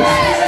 Yeah.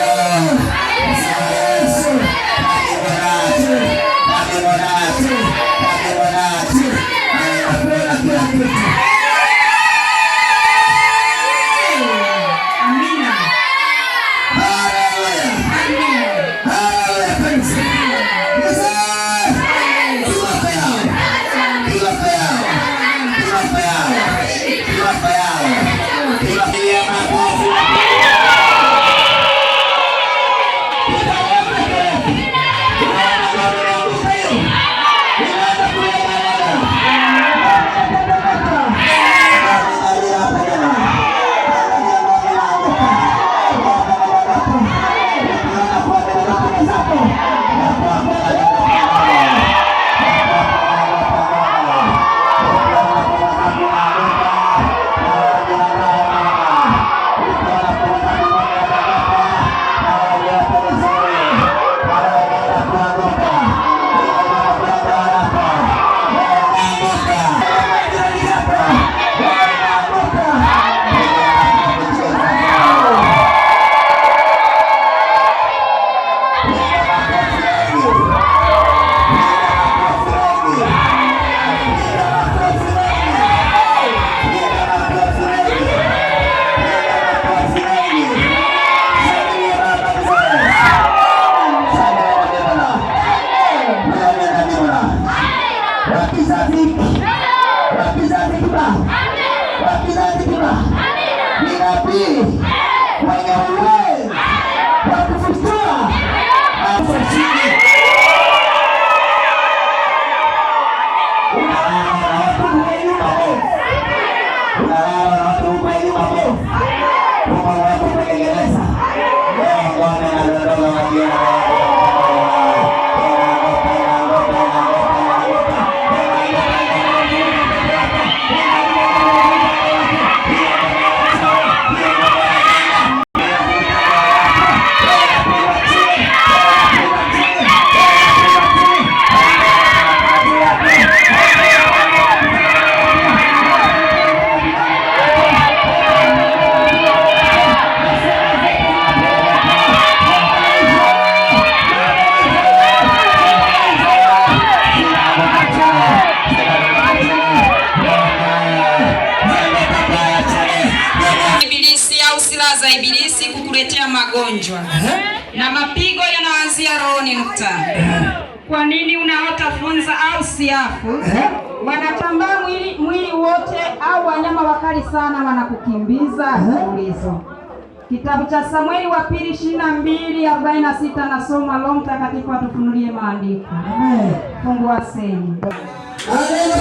kibla, wakinazi kibla, ninabii mwenye uwezo ibilisi kukuletea magonjwa na mapigo yanaanzia rohoni nukta. Kwa nini unaota funza au siafu? Wanatambaa mwili, mwili wote au wanyama wakali sana wanakukimbiza ulizo. Kitabu cha Samueli wa pili ishirini na mbili arobaini na sita nasoma Roho Mtakatifu atufunulie maandiko. Mungu waseni. Amen.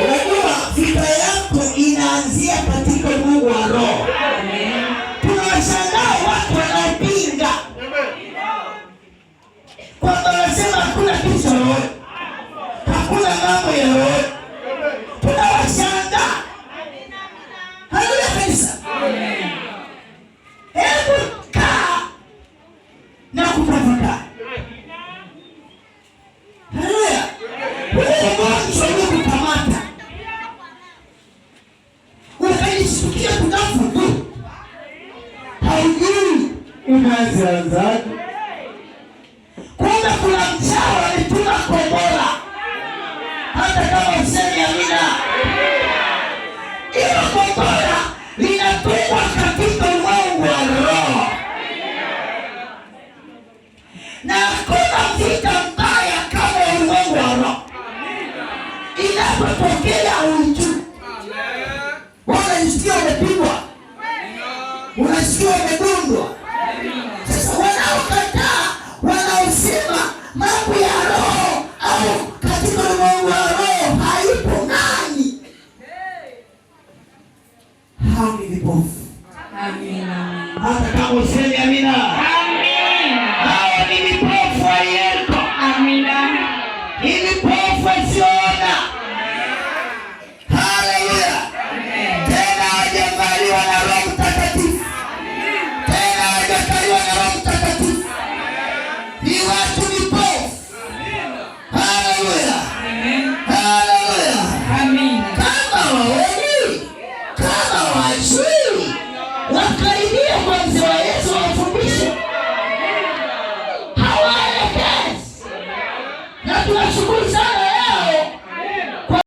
Unajua vita yako inaanzia katika Mungu wa roho. Tunashangaa watu wanapinga kwamba wanasema hakuna kitu yoyote, hakuna mambo yoyote, tunawashangaa Hebu kaa na kutafakari. usikie udafu tu, haijui umeanzaanzaje. Kumbe kuna mchawi alituna kobola, hata kama usemi amina, ilo kobola linatungwa katika ya Amina. Hata kama useme amina. wafuatilie mwenzi wa Yesu wamfundishe, hawaelekezi na tunashukuru sana.